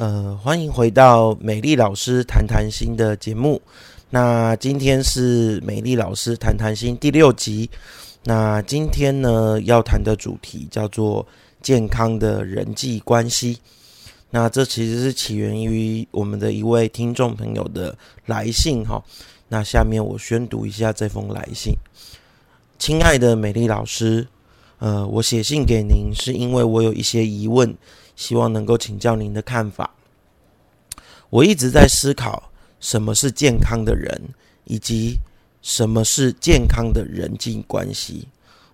呃，歡迎回到美麗老師談談心的節目。那今天是美麗老師談談心第六集。那今天呢，要談的主題叫做健康的人際關係。那這其實是起源於我們的一位聽眾朋友的來信哈。那下面我宣讀一下這封來信：親愛的美麗老師，呃，我寫信給您是因為我有一些疑問。希望能夠請教您的看法。我一直在思考什麼是健康的人，以及什麼是健康的人際關係。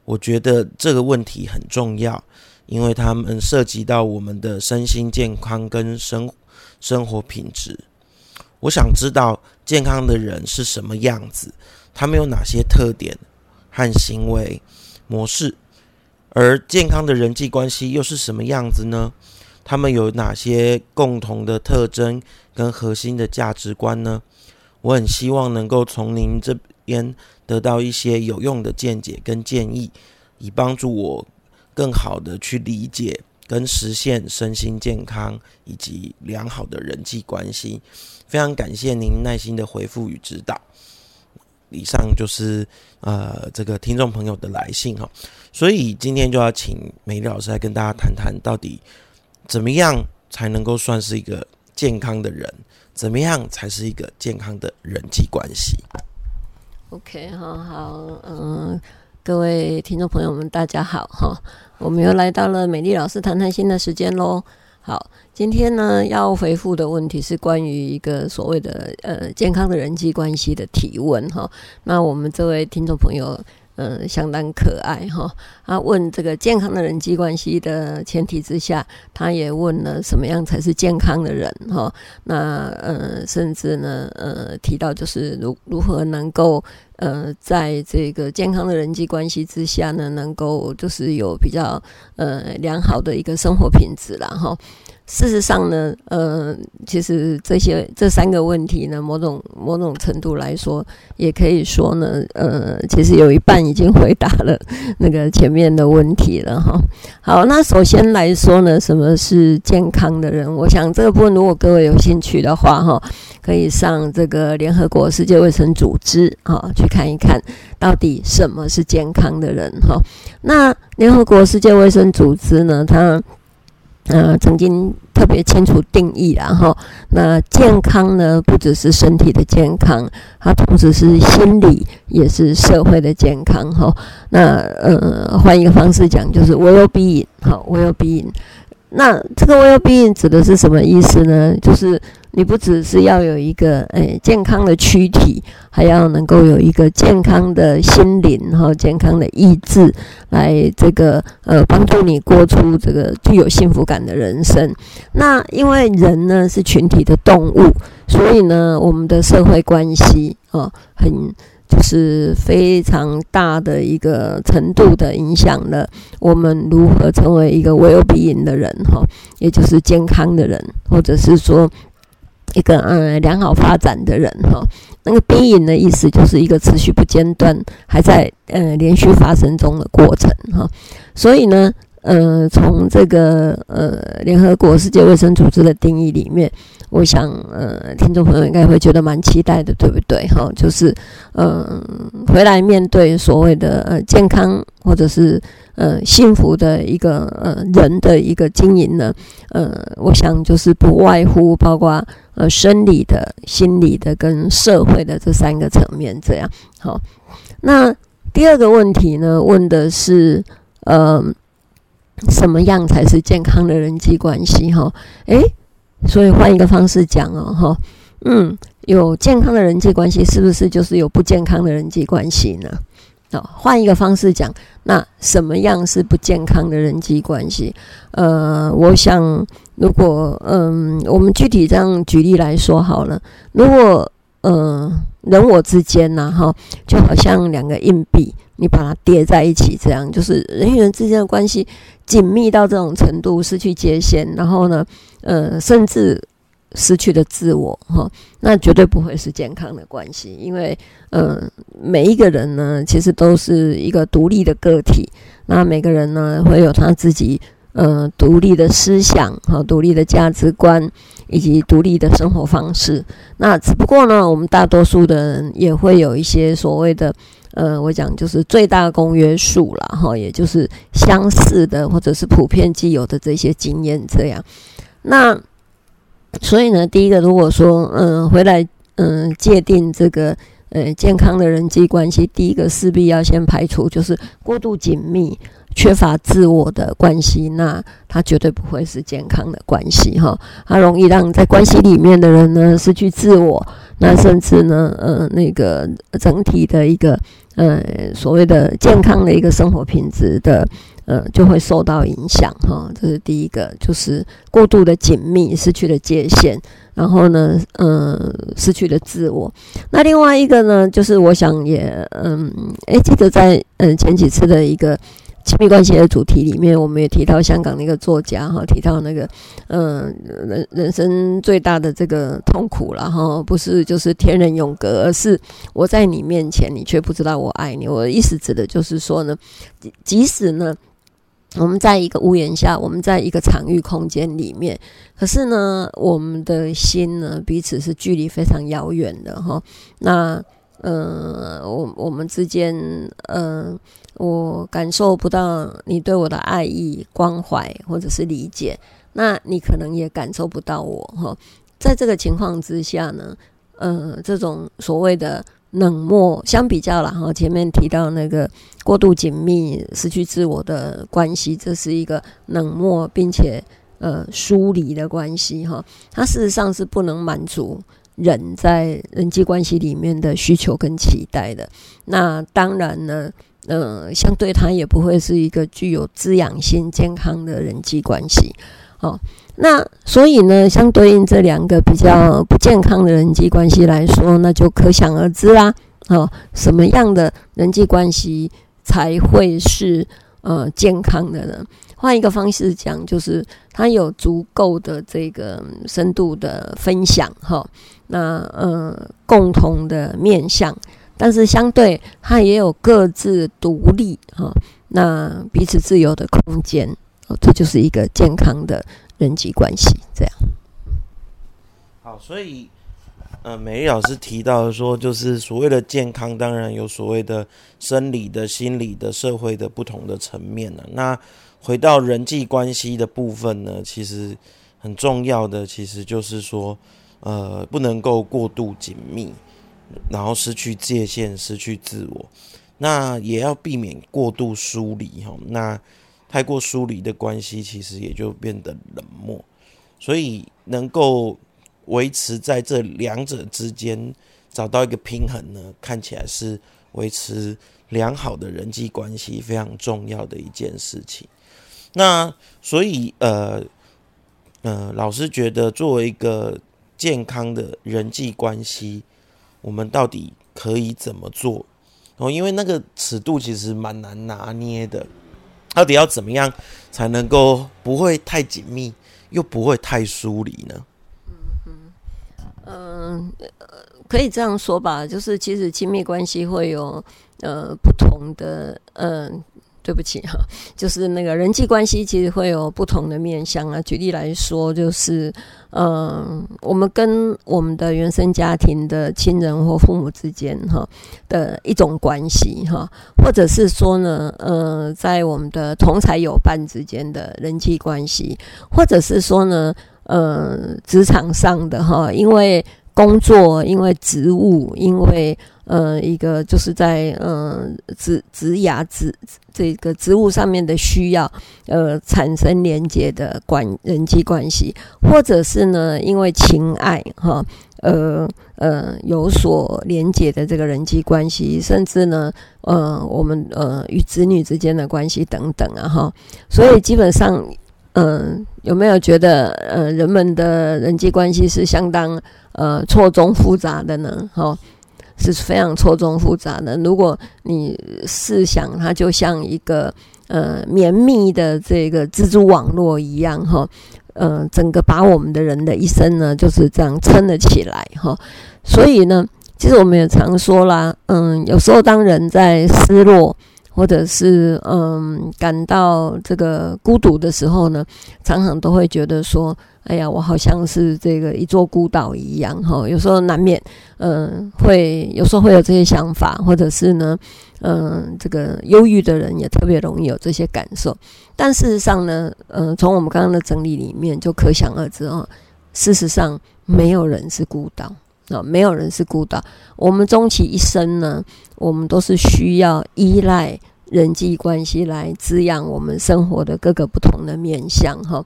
我覺得這個問題很重要，因為它們涉及到我們的身心健康跟生生活品質。我想知道健康的人是什麼樣子，他們有哪些特點和行為模式，而健康的人際關係又是什麼樣子呢？他們有哪些共同的特徵跟核心的價值觀呢？我很希望能夠從您這邊得到一些有用的見解跟建議，以幫助我更好的去理解跟實現身心健康以及良好的人際關係。非常感謝您耐心的回復與指導。以上就是呃這個聽眾朋友的來信哈，所以今天就要請美麗老師來跟大家談談到底。怎麼樣才能夠算是一個健康的人？怎麼樣才是一個健康的人際關係？OK，好、哦、好，嗯、呃，各位聽眾朋友們，大家好，哈、哦，我們又來到了美麗老師談談心的時間嘍。好，今天呢要回復的問題是關於一個所謂的呃健康的人際關係的提問，哈、哦。那我們這位聽眾朋友。呃、嗯，相當可愛哈。他問這個健康的人際關係的前提之下，他也問了什麼樣才是健康的人哈。那呃，甚至呢呃，提到就是如如何能夠。呃，在這個健康的人際關係之下呢，能夠就是有比較呃良好的一個生活品質啦，啦哈，事實上呢，呃，其實這些這三個問題呢，某種某種程度來說，也可以說呢，呃，其實有一半已經回答了那個前面的問題了哈。好，那首先來說呢，什麼是健康的人？我想這個部分如果各位有興趣的話哈，可以上這個聯合國世界衛生組織啊。去看一看，到底什麼是健康的人哈？那聯合國世界衛生組織呢，他呃曾經特別清楚定義啦，然後那健康呢，不只是身體的健康，它不只是心理，也是社會的健康哈。那呃換一個方式講，就是 “well being” 好，“well being”。那這個 “well being” 指的是什麼意思呢？就是。你不只是要有一個誒、哎、健康的軀體，還要能夠有一個健康的心靈哈、哦，健康的意志來這個呃幫助你過出這個具有幸福感的人生。那因為人呢是群體的動物，所以呢我們的社會關係哦很就是非常大的一個程度的影響了我們如何成為一個 well-being 的人哈、哦，也就是健康的人，或者是說。一個嗯，良好發展的人哈、哦，那個“兵營的意思就是一個持續不間斷，還在嗯連續發生中的過程哈、哦，所以呢。呃，從這個呃聯合國世界衛生組織的定義裡面，我想呃聽眾朋友應該會覺得蠻期待的，對不對？哈、哦，就是呃回來面對所謂的呃健康或者是呃幸福的一個呃人的一個經營呢，呃，我想就是不外乎包括呃生理的、心理的跟社會的這三個層面這樣。好、哦，那第二個問題呢，問的是呃。什麼樣才是健康的人際關係？哈，誒，所以換一個方式講哦，哈，嗯，有健康的人際關係，是不是就是有不健康的人際關係呢？哦，換一個方式講，那什麼樣是不健康的人際關係？呃，我想，如果嗯，我們具體這樣舉例來說好了，如果嗯、呃，人我之間呢，哈，就好像兩個硬幣，你把它疊在一起，這樣就是人與人之間的關係。緊密到這種程度，失去界限，然後呢，呃，甚至失去了自我，哈，那絕對不會是健康的關係。因為，呃，每一個人呢，其實都是一個獨立的個體，那每個人呢，會有他自己。呃，獨立的思想和獨立的價值觀，以及獨立的生活方式。那只不過呢，我們大多數的人也會有一些所謂的，呃，我講就是最大公約數啦哈，也就是相似的或者是普遍既有的這些經驗這樣。那所以呢，第一個，如果說，嗯、呃，回來，嗯、呃，界定這個，呃，健康的人際關係，第一個勢必要先排除，就是過度緊密。缺乏自我的關係，那它絕對不會是健康的關係，哈。它容易讓在關係裡面的人呢失去自我，那甚至呢，呃，那個整體的一個呃所謂的健康的一個生活品質的呃就會受到影響，哈。這是第一個，就是過度的緊密，失去了界限，然後呢，呃，失去了自我。那另外一個呢，就是我想也，嗯，誒，記得在嗯前幾次的一個，親密關係的主題裡面，我們也提到香港那個作家哈，提到那個嗯、呃，人人生最大的這個痛苦了。哈，不是就是天人永隔，而是我在你面前，你卻不知道我愛你。我的意思指的就是說呢，即使呢，我們在一個屋檐下，我們在一個場域空間裡面，可是呢，我們的心呢，彼此是距離非常遙遠的哈。那嗯、呃，我我們之間嗯。呃我感受不到你對我的愛意、關懷或者是理解，那你可能也感受不到我哈。在這個情況之下呢，呃，這種所謂的冷漠，相比較了哈，前面提到那個過度緊密、失去自我的關係，這是一個冷漠並且呃疏離的關係哈。它事實上是不能滿足人在人際關係裡面的需求跟期待的。那當然呢。呃，相對他也不會是一個具有滋養性、健康的人際關係。哦，那所以呢，相對應這兩個比較不健康的人際關係來說，那就可想而知啦、啊。哦，什麼樣的人際關係才會是呃健康的呢？換一個方式講，就是他有足夠的這個深度的分享，哈、哦，那呃，共同的面向。但是相對，他也有各自獨立哈，哦，那彼此自由的空間哦，這就是一個健康的人際關係。這樣，好，所以，呃，美麗老師提到說，就是所謂的健康，當然有所謂的生理的、心理的、社會的不同的層面了。那回到人際關係的部分呢，其實很重要的，其實就是說，呃，不能夠過度緊密。然後失去界限，失去自我，那也要避免過度疏離哈。那太過疏離的關係，其實也就變得冷漠。所以能夠維持在這兩者之間找到一個平衡呢，看起來是維持良好的人際關係非常重要的一件事情。那所以呃呃，老師覺得作為一個健康的人際關係。我們到底可以怎麼做？哦，因為那個尺度其實蠻難拿捏的。到底要怎麼樣才能夠不會太緊密，又不會太疏離呢？嗯嗯，呃，可以這樣說吧，就是其實親密關係會有呃不同的嗯。呃對不起哈，就是那個人際關係其實會有不同的面向啊。舉例來說，就是嗯、呃，我們跟我們的原生家庭的親人或父母之間哈的一種關係哈，或者是說呢，呃，在我們的同儕友伴之間的人際關係，或者是說呢，呃，職場上的哈，因為。工作，因為職務，因為呃，一個就是在呃職職涯職這個職務上面的需要，呃，產生連接的關人際關係，或者是呢，因為情愛哈，呃呃，有所連接的這個人際關係，甚至呢，呃，我們呃與子女之間的關係等等啊哈，所以基本上。嗯，有沒有覺得呃，人們的人際關係是相當呃錯綜複雜的呢？哈，是非常錯綜複雜的。如果你試想，它就像一個呃綿密的這個蜘蛛網絡一樣，哈，嗯，呃，整個把我們的人的一生呢，就是這樣撐了起來，哈。所以呢，其實我們也常說啦，嗯，有時候當人在失落。或者是嗯，感到這個孤獨的時候呢，常常都會覺得說，哎呀，我好像是這個一座孤島一樣哈、哦。有時候難免嗯，會有時候會有這些想法，或者是呢，嗯，這個憂鬱的人也特別容易有這些感受。但事實上呢，嗯，從我們剛剛的整理裡面就可想而知哦，事實上沒有人是孤島。啊，沒有人是孤島。我們終其一生呢，我們都是需要依賴人際關係來滋養我們生活的各個不同的面向哈。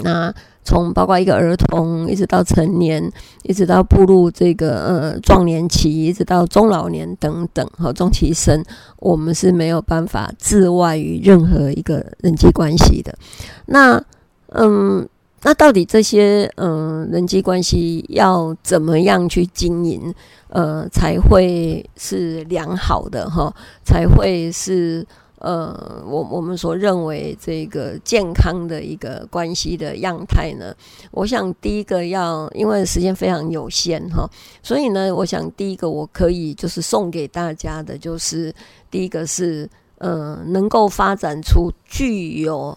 那、哦啊、從包括一個兒童，一直到成年，一直到步入這個呃壯年期，一直到中老年等等，哈、哦，終其一生，我們是沒有辦法自外於任何一個人際關係的。那嗯。那到底這些嗯、呃、人際關係要怎麼樣去經營，呃才會是良好的哈？才會是呃我我們所認為這個健康的一個關係的樣態呢？我想第一個要，因為時間非常有限哈，所以呢，我想第一個我可以就是送給大家的，就是第一個是呃能夠發展出具有。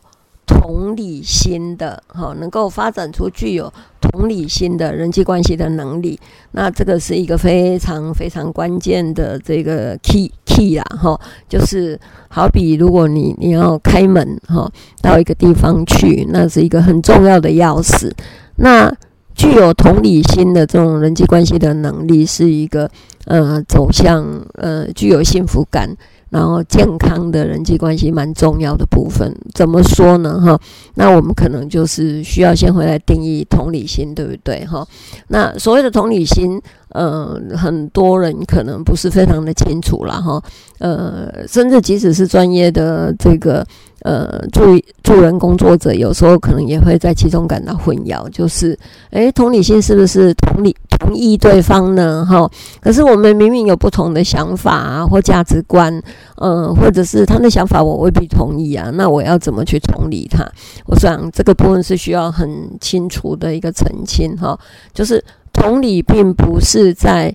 同理心的哈、哦，能夠發展出具有同理心的人際關係的能力，那這個是一個非常非常關鍵的這個 key key 啊哈、哦，就是好比如果你你要開門哈、哦，到一個地方去，那是一個很重要的鑰匙。那具有同理心的這種人際關係的能力，是一個呃走向呃具有幸福感。然後健康的人際關係蠻重要的部分，怎麼說呢？哈，那我們可能就是需要先回來定義同理心，對不對？哈，那所謂的同理心，呃，很多人可能不是非常的清楚啦，哈，呃，甚至即使是專業的這個呃助助人工作者，有時候可能也會在其中感到混淆，就是，誒，同理心是不是同理？同意對方呢？哈，可是我們明明有不同的想法啊，或價值觀，嗯、呃，或者是他的想法，我未必同意啊。那我要怎麼去同理他？我想這個部分是需要很清楚的一個澄清，哈，就是同理並不是在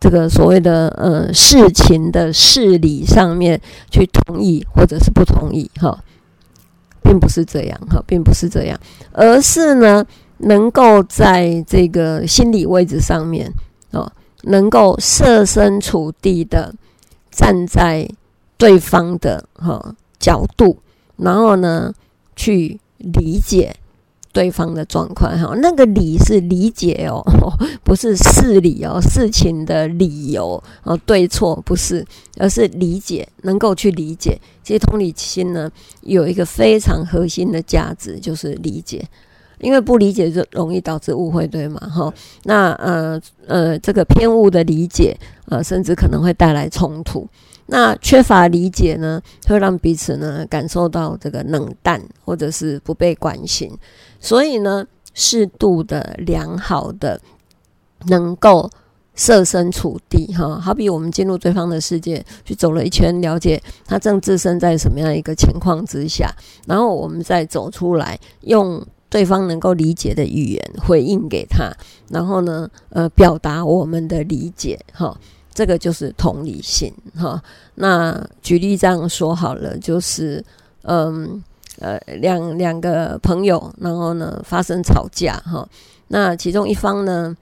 這個所謂的呃事情的事理上面去同意或者是不同意，哈，並不是這樣，哈，並不是這樣，而是呢。能夠在這個心理位置上面哦，能夠設身處地的站在對方的哈、哦、角度，然後呢去理解對方的狀況哈、哦。那個理是理解哦，哦，不是事理哦，事情的理由哦，對錯不是，而是理解，能夠去理解。其實同理心呢，有一個非常核心的價值，就是理解。因為不理解就容易導致誤會，對嗎？哈、哦，那呃呃，這個偏誤的理解啊、呃，甚至可能會帶來衝突。那缺乏理解呢，會讓彼此呢感受到這個冷淡或者是不被關心。所以呢，適度的良好的，能夠設身處地，哈、哦，好比我們進入對方的世界，去走了一圈，了解他正置身在什麼樣一個情況之下，然後我們再走出來用。對方能夠理解的語言回應給他，然後呢，呃，表達我們的理解哈，這個就是同理心哈。那舉例這樣說好了，就是嗯，呃，兩兩個朋友，然後呢發生吵架哈，那其中一方呢，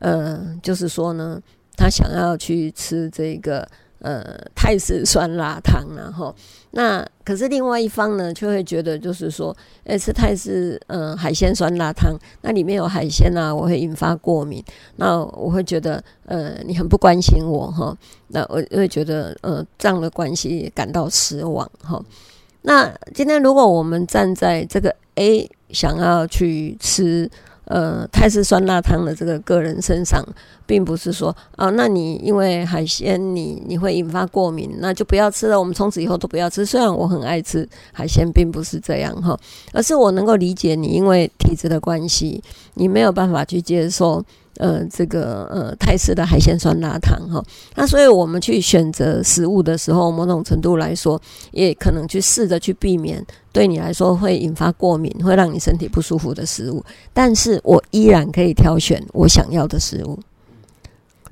呃，就是說呢，他想要去吃這個。呃，泰式酸辣湯，啊，然後那可是另外一方呢，就會覺得就是說，哎、欸，是泰式嗯、呃、海鮮酸辣湯，那裡面有海鮮啊，我會引發過敏，那我會覺得呃，你很不關心我哈，那我會覺得呃這樣的關係感到失望哈。那今天如果我們站在這個 A 想要去吃。呃，泰式酸辣湯的這個個人身上，並不是說啊，那你因為海鮮，你你會引發過敏，那就不要吃了。我們從此以後都不要吃。雖然我很愛吃海鮮，並不是這樣哈，而是我能夠理解你，因為體質的關係，你沒有辦法去接受。呃，這個呃，泰式的海鮮酸辣湯哈、哦，那所以我們去選擇食物的時候，某種程度來說，也可能去試着去避免對你來說會引發過敏，會讓你身體不舒服的食物。但是我依然可以挑選我想要的食物。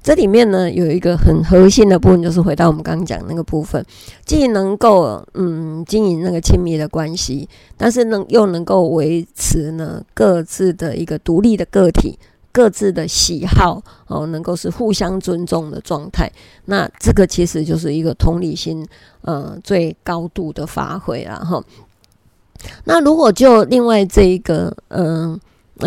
這裡面呢，有一個很核心的部分，就是回到我們剛剛講的那個部分，既能夠嗯經營那個親密的關係，但是能又能夠維持呢各自的一個獨立的個體，各自的喜好哦，能夠是互相尊重的狀態。那這個其實就是一個同理心，呃，最高度的發揮了哈。那如果就另外這一個，嗯、呃、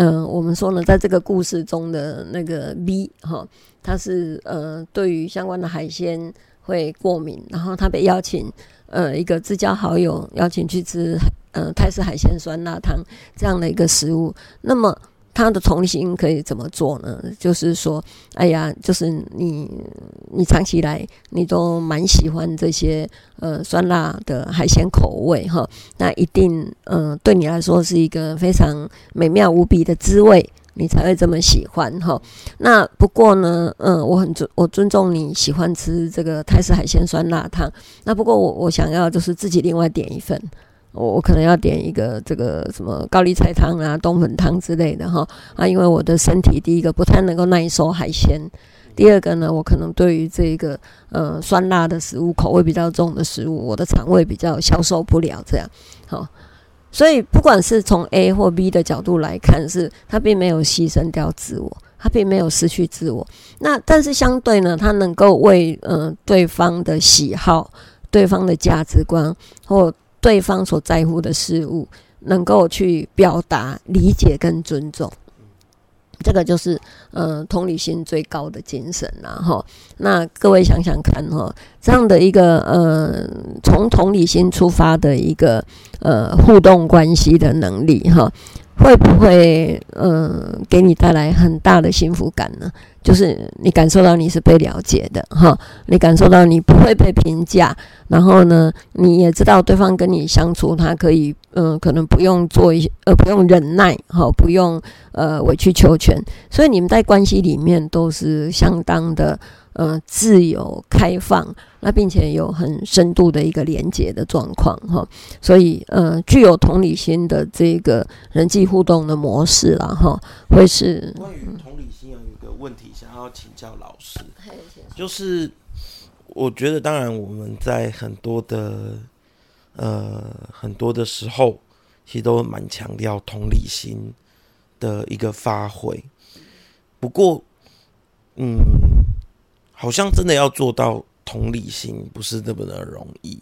嗯、呃，我們說呢，在這個故事中的那個 V，哈，他是呃對於相關的海鮮會過敏，然後他被邀請呃一個至交好友邀請去吃呃泰式海鮮酸辣湯這樣的一個食物，那麼。它的重新可以怎麼做呢？就是說，哎呀，就是你，你長期來你都蠻喜歡這些呃酸辣的海鮮口味哈，那一定嗯、呃、對你來說是一個非常美妙無比的滋味，你才會這麼喜歡哈。那不過呢，嗯、呃，我很尊我尊重你喜歡吃這個泰式海鮮酸辣湯，那不過我我想要就是自己另外點一份。我我可能要點一個這個什麼高麗菜湯啊、冬粉湯之類的哈啊，因為我的身體第一個不太能夠耐受海鮮，第二個呢，我可能對於這個呃酸辣的食物、口味比較重的食物，我的腸胃比較消受不了這樣。好，所以不管是從 A 或 B 的角度來看，是他並沒有犧牲掉自我，他並沒有失去自我。那但是相對呢，他能夠為呃對方的喜好、對方的價值觀或對方所在乎的事物，能夠去表達理解跟尊重，這個就是呃同理心最高的精神了哈。那各位想想看哈，這樣的一個呃從同理心出發的一個呃互動關係的能力哈。會不會，嗯、呃，給你帶來很大的幸福感呢？就是你感受到你是被了解的，哈，你感受到你不會被評價，然後呢，你也知道對方跟你相處，他可以。嗯，可能不用做一些呃，不用忍耐哈，不用呃委曲求全，所以你們在關係裡面都是相當的呃自由開放，那、啊、並且有很深度的一個連接的狀況哈，所以呃具有同理心的這個人際互動的模式了哈。會是關於同理心有一個問題、嗯、想要請教老師，就是我覺得當然我們在很多的。呃，很多的時候其實都蠻強調同理心的一個發揮。不過，嗯，好像真的要做到同理心不是那麼的容易。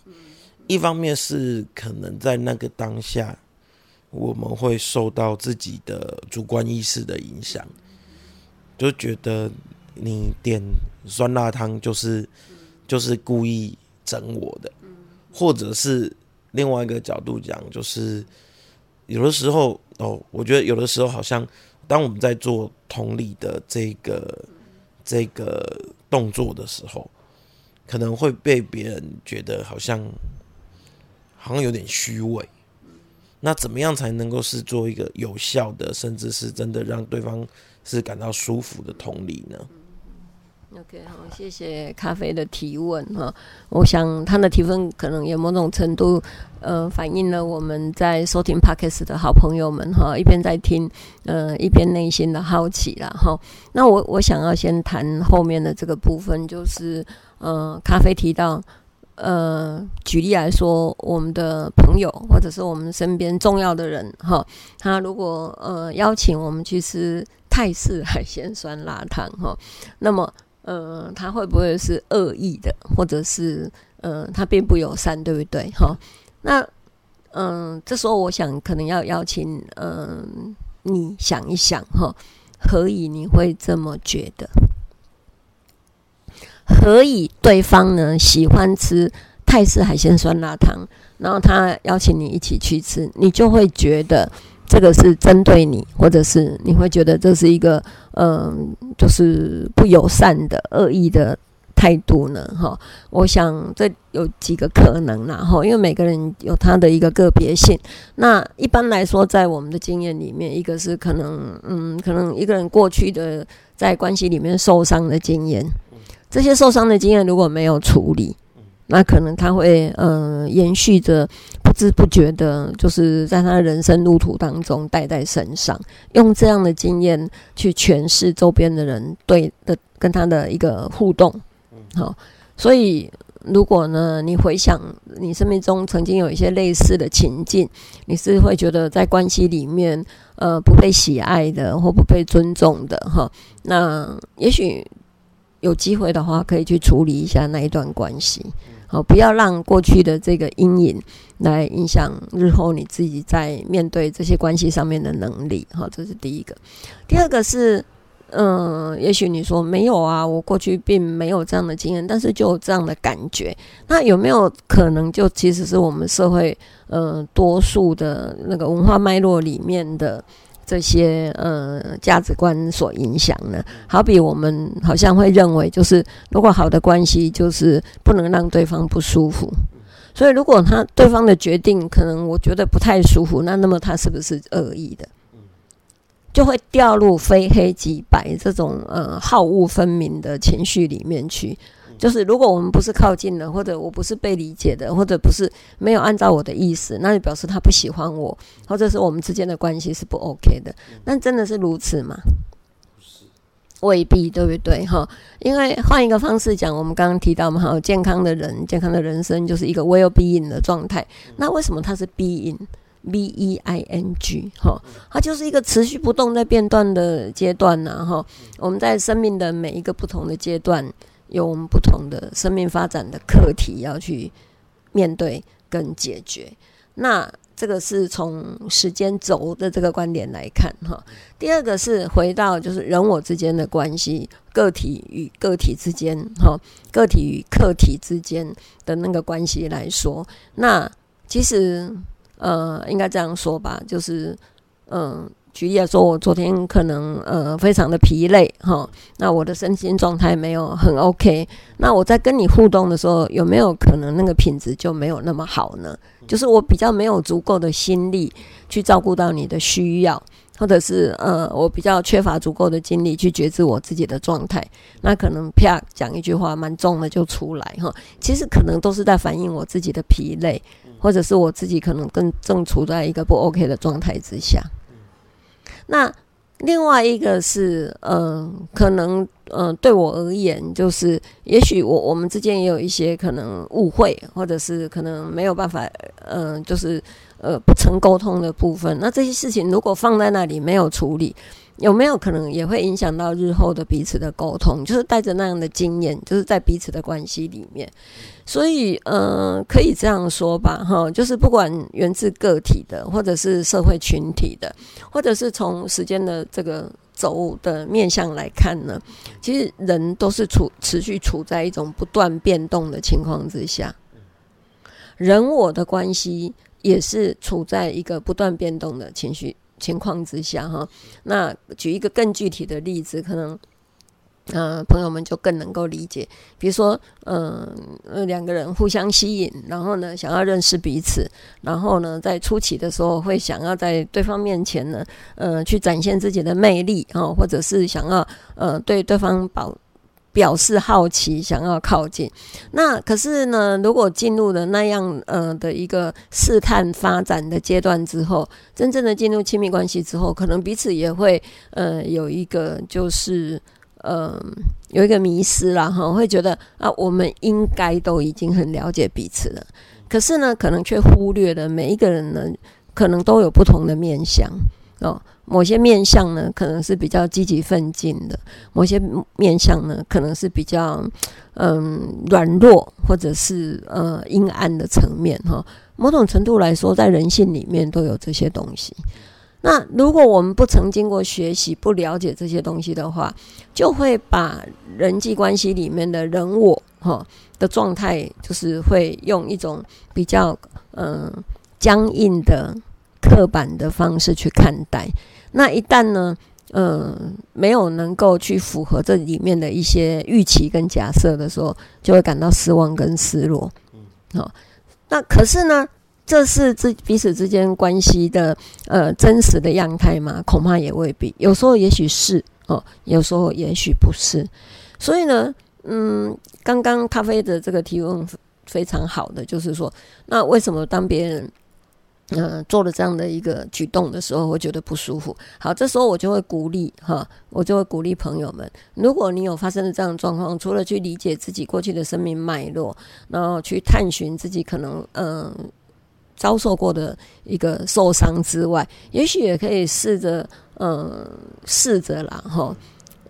一方面是可能在那個當下，我們會受到自己的主觀意識的影響，就覺得你點酸辣湯就是就是故意整我的，或者是。另外一個角度講，就是有的時候哦，我覺得有的時候好像，當我們在做同理的這個這個動作的時候，可能會被別人覺得好像好像有點虛偽。那怎麼樣才能夠是做一個有效的，甚至是真的讓對方是感到舒服的同理呢？OK，好，謝謝咖啡的提問哈。我想他的提問可能也某種程度，呃，反映了我們在收聽 Podcast 的好朋友們哈，一邊在聽，呃，一邊內心的好奇啦。哈。那我我想要先談後面的這個部分，就是呃，咖啡提到，呃，舉例來說，我們的朋友或者是我們身邊重要的人哈，他如果呃邀請我們去吃泰式海鮮酸辣湯哈，那麼。嗯，他、呃、會不會是惡意的，或者是嗯，他、呃、並不友善，對不對？哈，那嗯、呃，這時候我想可能要邀請嗯、呃，你想一想哈，何以你會這麼覺得？何以對方呢喜歡吃泰式海鮮酸辣湯，然後他邀請你一起去吃，你就會覺得？這個是針對你，或者是你會覺得這是一個嗯、呃，就是不友善的、惡意的態度呢？哈，我想這有幾個可能然哈，因為每個人有他的一個個別性。那一般來說，在我們的經驗裡面，一個是可能嗯，可能一個人過去的在關係裡面受傷的經驗，這些受傷的經驗如果沒有處理。那可能他會嗯、呃、延續着，不知不覺的，就是在他人生路途當中帶在身上，用這樣的經驗去詮釋周邊的人對的跟他的一個互動。好，所以如果呢，你回想你生命中曾經有一些類似的情境，你是會覺得在關係裡面呃不被喜愛的或不被尊重的哈，那也許有機會的話，可以去處理一下那一段關係。哦，不要讓過去的這個陰影來影響日後你自己在面對這些關係上面的能力。哈，這是第一個。第二個是，嗯、呃，也許你說沒有啊，我過去並沒有這樣的經驗，但是就有這樣的感覺。那有沒有可能，就其實是我們社會，嗯、呃，多數的那個文化脈絡裡面的？這些呃嗯、價值觀所影響的，好比我們好像會認為，就是如果好的關係就是不能讓對方不舒服，所以如果他對方的決定可能我覺得不太舒服，那那麼他是不是惡意的？嗯，就會掉入非黑即白這種呃、嗯、好惡分明的情緒裡面去。就是如果我們不是靠近的，或者我不是被理解的，或者不是沒有按照我的意思，那就表示他不喜歡我，或者是我們之間的關係是不 OK 的。但真的是如此嗎？未必對不對？哈，因為換一個方式講，我們剛剛提到嘛，好健康的人，健康的人生就是一個 well being 的狀態。那為什麼它是 being？b e i n g 哈，它就是一個持續不動在變段的階段呢、啊？哈，我們在生命的每一個不同的階段。有我們不同的生命發展的課題要去面對跟解決，那這個是從時間軸的這個觀點來看哈。第二個是回到就是人我之間的關係，個體與個體之間哈，個體與客體之間的那個關係來說，那其實呃應該這樣說吧，就是嗯。呃舉例來說，我昨天可能呃非常的疲累哈，那我的身心狀態沒有很 OK，那我在跟你互動的時候，有沒有可能那個品質就沒有那麼好呢？嗯、就是我比較沒有足夠的心力去照顧到你的需要，或者是呃我比較缺乏足夠的精力去覺知我自己的狀態，那可能啪講一句話蠻重的就出來哈，其實可能都是在反映我自己的疲累，或者是我自己可能更正處在一個不 OK 的狀態之下。那另外一個是，呃，可能，呃，對我而言，就是，也許我我們之間也有一些可能誤會，或者是可能沒有辦法，呃，就是，呃，不曾溝通的部分。那這些事情如果放在那裡沒有處理，有沒有可能也會影響到日後的彼此的溝通？就是帶着那樣的經驗，就是在彼此的關係裡面。所以，呃，可以這樣說吧，哈，就是不管源自個體的，或者是社會群體的，或者是從時間的這個軸的面向來看呢，其實人都是處持續處在一種不斷變動的情況之下。人我的關係也是處在一個不斷變動的情緒情況之下哈，那舉一個更具體的例子，可能呃朋友們就更能夠理解。比如說，嗯、呃、兩個人互相吸引，然後呢想要認識彼此，然後呢在初期的時候會想要在對方面前呢，呃、去展現自己的魅力啊，或者是想要呃對對方保，表示好奇，想要靠近。那可是呢？如果進入了那樣呃的一個試探發展的階段之後，真正的進入親密關係之後，可能彼此也會呃有一個就是嗯、呃、有一個迷失了哈，會覺得啊，我們應該都已經很了解彼此了。可是呢，可能卻忽略了每一個人呢，可能都有不同的面向哦。某些面向呢，可能是比較積極奮進的；某些面向呢，可能是比較嗯軟弱或者是呃陰暗的層面哈。某種程度來說，在人性裡面都有這些東西。那如果我們不曾經過學習、不了解這些東西的話，就會把人際關係裡面的人我哈的狀態，就是會用一種比較嗯、呃、僵硬的、刻板的方式去看待。那一旦呢，呃，沒有能夠去符合這裡面的一些預期跟假設的時候，就會感到失望跟失落。嗯，好，那可是呢，這是彼此之間關係的呃真實的樣態嗎？恐怕也未必。有時候也許是哦，有時候也許不是。所以呢，嗯，剛剛咖啡的這個提問非常好的，就是說，那為什麼當別人？嗯、呃，做了這樣的一個舉動的時候，我覺得不舒服。好，這時候我就會鼓勵哈，我就會鼓勵朋友們，如果你有發生的這樣的狀況，除了去理解自己過去的生命脈絡，然後去探尋自己可能嗯遭受過的一個受傷之外，也許也可以試着嗯試着了哈，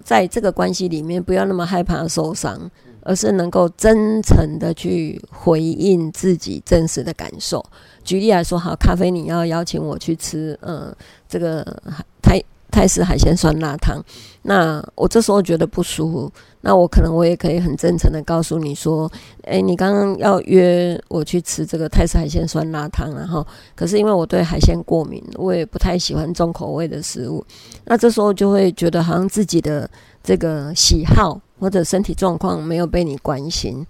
在這個關係裡面，不要那麼害怕受傷，而是能夠真誠的去回應自己真實的感受。舉例來說，好，咖啡，你要邀請我去吃，呃、嗯，這個泰泰式海鮮酸辣湯。那我這時候覺得不舒服，那我可能我也可以很真誠的告訴你說，哎、欸，你剛剛要約我去吃這個泰式海鮮酸辣湯，啊，然後可是因為我對海鮮過敏，我也不太喜歡重口味的食物。那這時候就會覺得好像自己的這個喜好或者身體狀況沒有被你關心，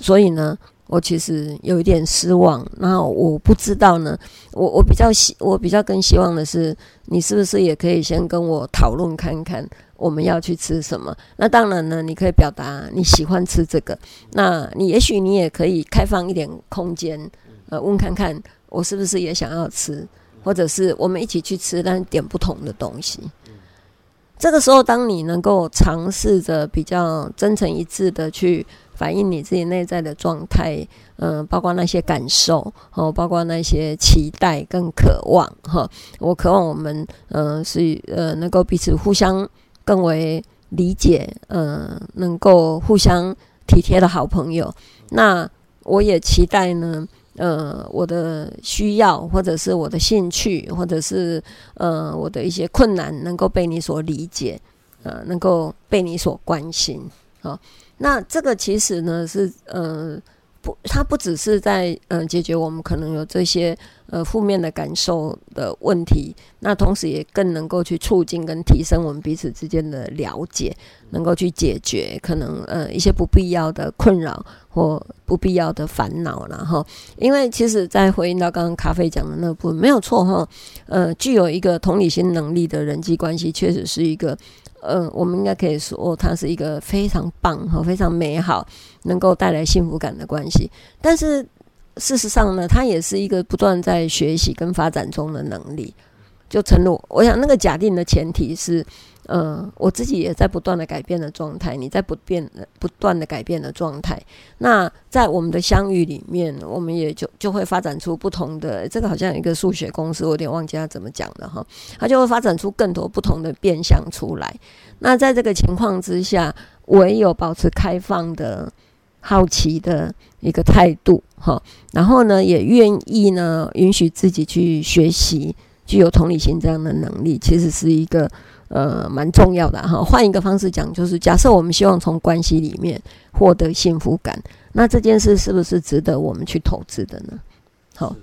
所以呢，我其實有一點失望，然後我不知道呢。我我比較希，我比較更希望的是，你是不是也可以先跟我討論看看，我們要去吃什麼？那當然呢，你可以表達你喜歡吃這個。那你也許你也可以開放一點空間，呃，問看看我是不是也想要吃，或者是我們一起去吃，但點不同的東西。嗯、這個時候，當你能夠嘗試着比較真誠一致的去。反映你自己內在的狀態，嗯、呃，包括那些感受，哦，包括那些期待，跟渴望，哈，我渴望我們，嗯、呃，是呃，能夠彼此互相更為理解，嗯、呃，能夠互相體貼的好朋友。那我也期待呢，嗯、呃，我的需要，或者是我的興趣，或者是嗯、呃，我的一些困難，能夠被你所理解，嗯、呃，能夠被你所關心，那這個其實呢是呃不，它不只是在呃解決我們可能有這些呃負面的感受的問題，那同時也更能夠去促進跟提升我們彼此之間的了解，能夠去解決可能呃一些不必要的困擾或不必要的煩惱然後。因為其實，在回應到剛剛咖啡講的那部分沒有錯哈，呃，具有一個同理心能力的人際關係確實是一個。嗯，我們應該可以說，它是一個非常棒和非常美好，能夠帶來幸福感的關係。但是，事實上呢，它也是一個不斷在學習跟發展中的能力。就承諾，我想那個假定的前提是。嗯，我自己也在不斷的改變的狀態，你在不變不斷的改變的狀態。那在我們的相遇裡面，我們也就就會發展出不同的，這個好像一個數學公式，我有點忘記他怎麼講了哈。他就會發展出更多不同的變相出來。那在這個情況之下，唯有保持開放的好奇的一個態度哈，然後呢，也願意呢允許自己去學習，具有同理心這樣的能力，其實是一個。呃，蠻重要的哈、啊。換一個方式講，就是假設我們希望從關係裡面獲得幸福感，那這件事是不是值得我們去投資的呢？好。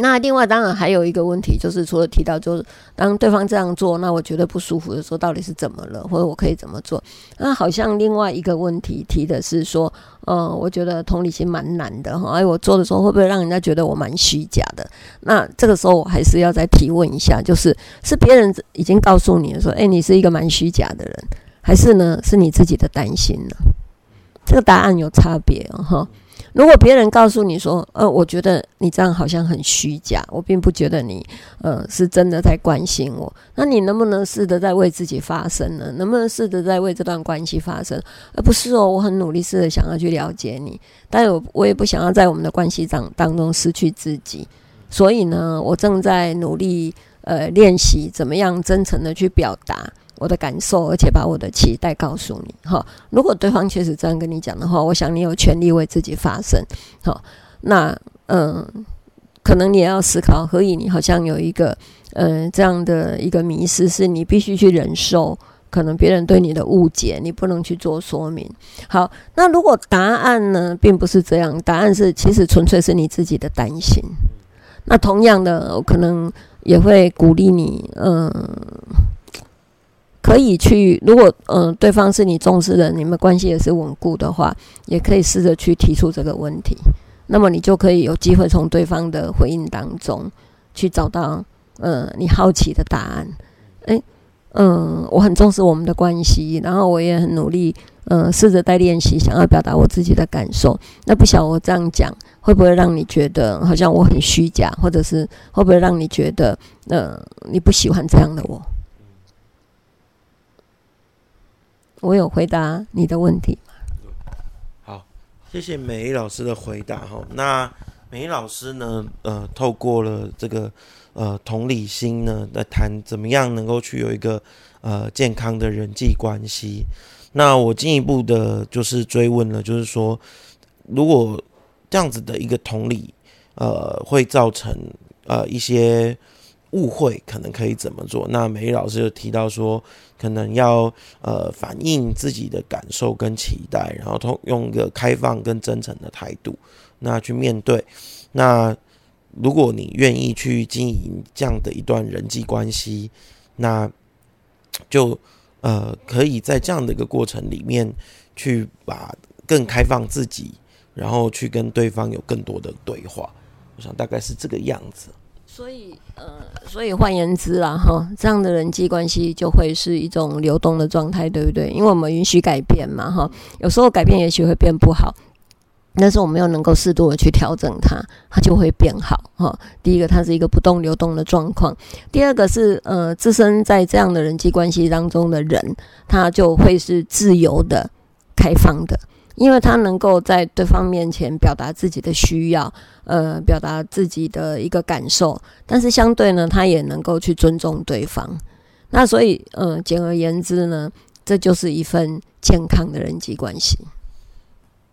那另外當然還有一個問題，就是除了提到，就是當對方這樣做，那我覺得不舒服的時候，到底是怎麼了，或者我可以怎麼做？那好像另外一個問題提的是說，呃、嗯，我覺得同理心蠻難的哈，哎，我做的時候會不會讓人家覺得我蠻虛假的？那這個時候我還是要再提問一下，就是是別人已經告訴你了說，誒、哎，你是一個蠻虛假的人，還是呢是你自己的擔心呢？這個答案有差別、哦、哈。如果別人告訴你說，呃，我覺得你這樣好像很虛假，我並不覺得你，呃，是真的在關心我。那你能不能試着在為自己發聲呢？能不能試着在為這段關係發聲？而、呃、不是哦，我很努力試着想要去了解你，但是我我也不想要在我們的關係當當中失去自己。所以呢，我正在努力，呃，練習怎麼樣真誠的去表達。我的感受，而且把我的期待告訴你，哈、哦。如果對方確實這樣跟你講的話，我想你有權利為自己發聲，好、哦。那嗯，可能你也要思考，何以你好像有一個呃這樣的一個迷思，是你必須去忍受可能別人對你的誤解，你不能去做說明。好，那如果答案呢，並不是這樣，答案是其實純粹是你自己的擔心。那同樣的，我可能也會鼓勵你，嗯。可以去，如果嗯、呃、對方是你重視的，你們關係也是穩固的話，也可以試着去提出這個問題。那麼你就可以有機會從對方的回應當中去找到嗯、呃、你好奇的答案。誒，嗯、呃，我很重視我們的關係，然後我也很努力嗯、呃、試着在練習，想要表達我自己的感受。那不曉得我這樣講會不會讓你覺得好像我很虛假，或者是會不會讓你覺得嗯、呃、你不喜歡這樣的我？我有回答你的問題嗎？好，謝謝美麗老師的回答哈。那美麗老師呢？呃，透過了這個呃同理心呢，來談怎麼樣能夠去有一個呃健康的人際關係。那我進一步的就是追問了，就是說，如果這樣子的一個同理，呃，會造成呃一些。誤會可能可以怎麼做？那美麗老師有提到說，可能要呃反映自己的感受跟期待，然後用一個開放跟真誠的態度，那去面對。那如果你願意去經營這樣的一段人際關係，那就呃可以在這樣的一個過程裡面去把更開放自己，然後去跟對方有更多的對話。我想大概是這個樣子。所以，呃，所以換言之啦，哈，這樣的人際關係就會是一種流動的狀態，對不對？因為我們允許改變嘛，哈。有時候改變也許會變不好，但是我們又能夠適度的去調整它，它就會變好，哈。第一個，它是一個不動流動的狀況；第二個是，呃，置身在這樣的人際關係當中的人，他就會是自由的、開放的。因為他能夠在對方面前表達自己的需要，呃，表達自己的一個感受，但是相對呢，他也能夠去尊重對方。那所以，嗯、呃，簡而言之呢，這就是一份健康的人際關係。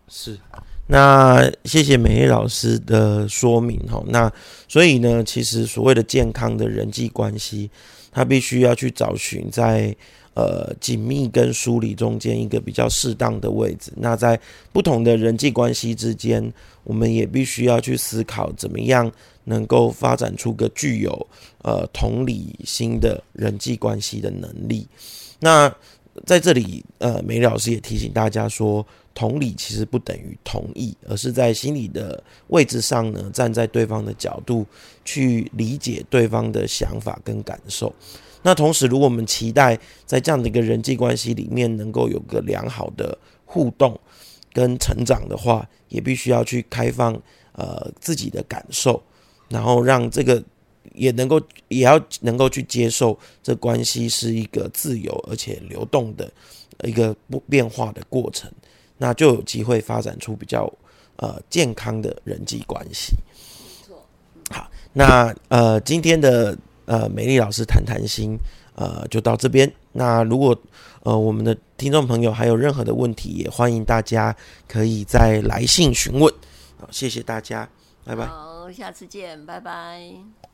是，那謝謝美麗老師的說明吼，那所以呢，其實所謂的健康的人際關係，他必須要去找尋在。呃，緊密跟疏離中間一個比較適當的位置。那在不同的人際關係之間，我們也必須要去思考，怎麼樣能夠發展出個具有呃同理心的人際關係的能力。那在這裡，呃，美麗老師也提醒大家說，同理其實不等於同意，而是在心理的位置上呢，站在對方的角度去理解對方的想法跟感受。那同時，如果我們期待在這樣的一個人際關係裡面能夠有個良好的互動跟成長的話，也必須要去開放呃自己的感受，然後讓這個也能夠也要能夠去接受這關係是一個自由而且流動的一個不變化的過程，那就有機會發展出比較呃健康的人際關係。好，那呃今天的。呃，美麗老師談談心，呃，就到這邊。那如果呃我們的聽眾朋友還有任何的問題，也歡迎大家可以再來信詢問。好，謝謝大家，好拜拜。好，下次見，拜拜。